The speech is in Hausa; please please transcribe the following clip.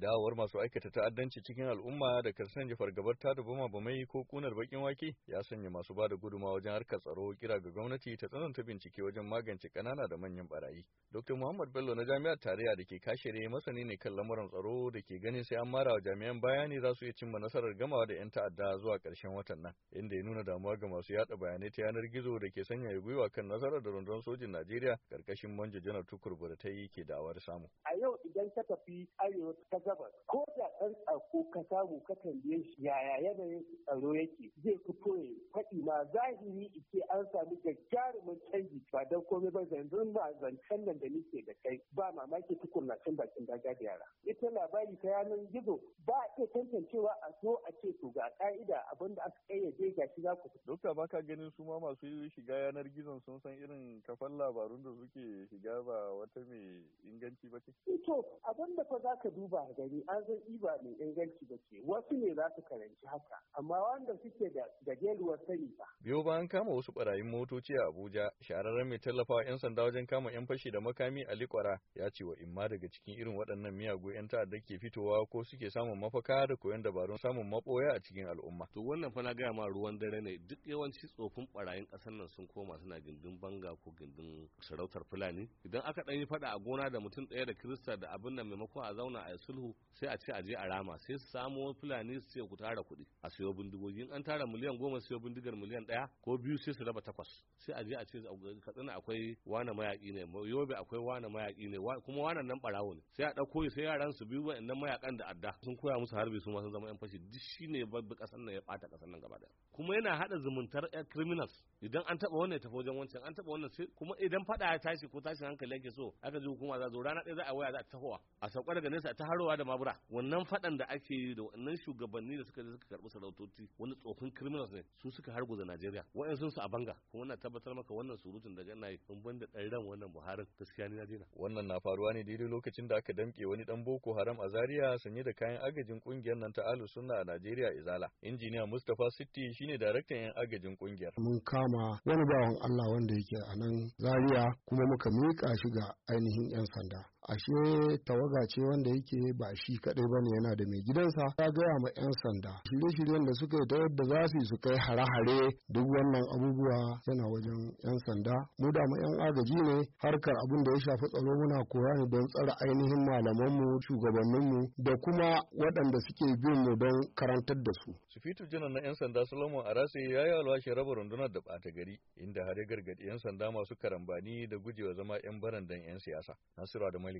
dawowar masu aikata ta'addanci cikin al'umma da kasan sanya gabar ta da bama bamai ko kunar bakin wake ya sanya masu ba da guduma wajen harkar tsaro kira ga gwamnati ta tsananta bincike wajen magance kanana da manyan barayi dr muhammad bello na jami'ar tarayya da ke kashere masani ne kan lamuran tsaro da ke ganin sai an mara wa jami'an bayani za su iya cimma nasarar gamawa da 'yan ta'adda zuwa karshen watan nan inda ya nuna damuwa ga masu yada bayanai ta yanar gizo da ke sanya gwiwa kan nasarar da rundunar sojin najeriya karkashin manjo janar tukur ta yi ke da'awar samu a yau idan ka tafi arewa ta gabas ko da ɗan tsako ka samu ka tambaye shi yaya yanayin tsaro yake zai fito ya faɗi ma zahiri ike an samu gagarumin canji ba don komai ba yanzu ba zancen nan da nake da kai ba mamaki na cin bakin daga da yara ita labari ta yanar gizo ba a iya tantancewa a so a ce to ga ka'ida abin da aka kayyade ga shi za ku dokta baka ganin su ma masu shiga yanar gizon sun san irin kafan labarun da suke shiga ba wata mai inganci ba ce eh to abin da fa za ka duba gari an san iba mai inganci ba ce wasu ne za su karanci haka amma wanda suke da gajeruwar sani ba. Biyo bayan kama wasu barayin motoci a Abuja shahararren mai tallafawa 'yan sanda wajen kama 'yan fashi da makami a likwara ya ce wa imma daga cikin irin waɗannan miyagu 'yan ta'adda ke fitowa ko suke samun mafaka da koyon dabarun samun maɓoya a cikin al'umma. To wannan fa na gaya ma ruwan dare ne duk yawanci tsofin barayin ƙasar nan sun koma suna gindin banga ko gindin sarautar Fulani idan aka ɗan faɗa a gona da mutum ɗaya da Kirista da abin nan maimakon a zauna a sulhu sai a ce a je a rama sai su samu fulani su ce ku tara kuɗi a siyo bindigogi an tara miliyan goma siyo bindigar miliyan ɗaya ko biyu sai su raba takwas sai a je a ce katsina akwai wane mayaƙi ne yobe akwai wane mayaƙi ne kuma wane nan ɓarawo ne sai a ɗauko sai yaran su biyu wa'annan mayaƙan da adda sun koya musu harbi su ma sun zama yan fashi duk shine babbi ƙasar nan ya ɓata ƙasar nan gaba ɗaya kuma yana haɗa zumuntar ƴan criminals idan an taɓa wannan ya tafi wajen wancan an taɓa wannan sai kuma idan faɗa ya tashi ko tashin hankali yake so aka ji hukuma za zo rana ɗaya za a waya za a tahowa a sauka daga nesa ta harowa da mabura wannan fadan da ake yi da wannan shugabanni da suka suka karbi sarautoci wani tsofin criminals ne su suka harguza Najeriya wa'ansu su a banga kuma na tabbatar maka wannan surutun daga ina yi in banda dan ran wannan Buhari gaskiya ni na daina wannan na faruwa ne daidai lokacin da aka damke wani dan Boko Haram a Zaria sanye da kayan agajin kungiyar nan ta Ahlus Sunna a Najeriya Izala injiniya Mustapha Sitti shine daraktan yan agajin kungiyar mun kama wani bawan Allah wanda yake a nan Zaria kuma muka miƙa shi ga ainihin yan sanda ashe tawaga ce wanda yake ba shi kadai ba ne yana da mai gidansa ya gaya ma 'yan sanda shirye-shiryen da suka yi ta yadda za su yi su kai hare-hare duk wannan abubuwa yana wajen 'yan sanda mu da mu 'yan agaji ne harkar abin da ya shafi tsaro muna koya ne don tsara ainihin malamanmu shugabanninmu da kuma waɗanda suke bin mu don karantar da su. Sufitu janar na 'yan sanda Solomon Arase ya yi alwashi raba rundunar da bata gari inda har ya gargaɗi 'yan sanda masu karambani da gujewa zama 'yan barandan 'yan siyasa. Nasiru da Mali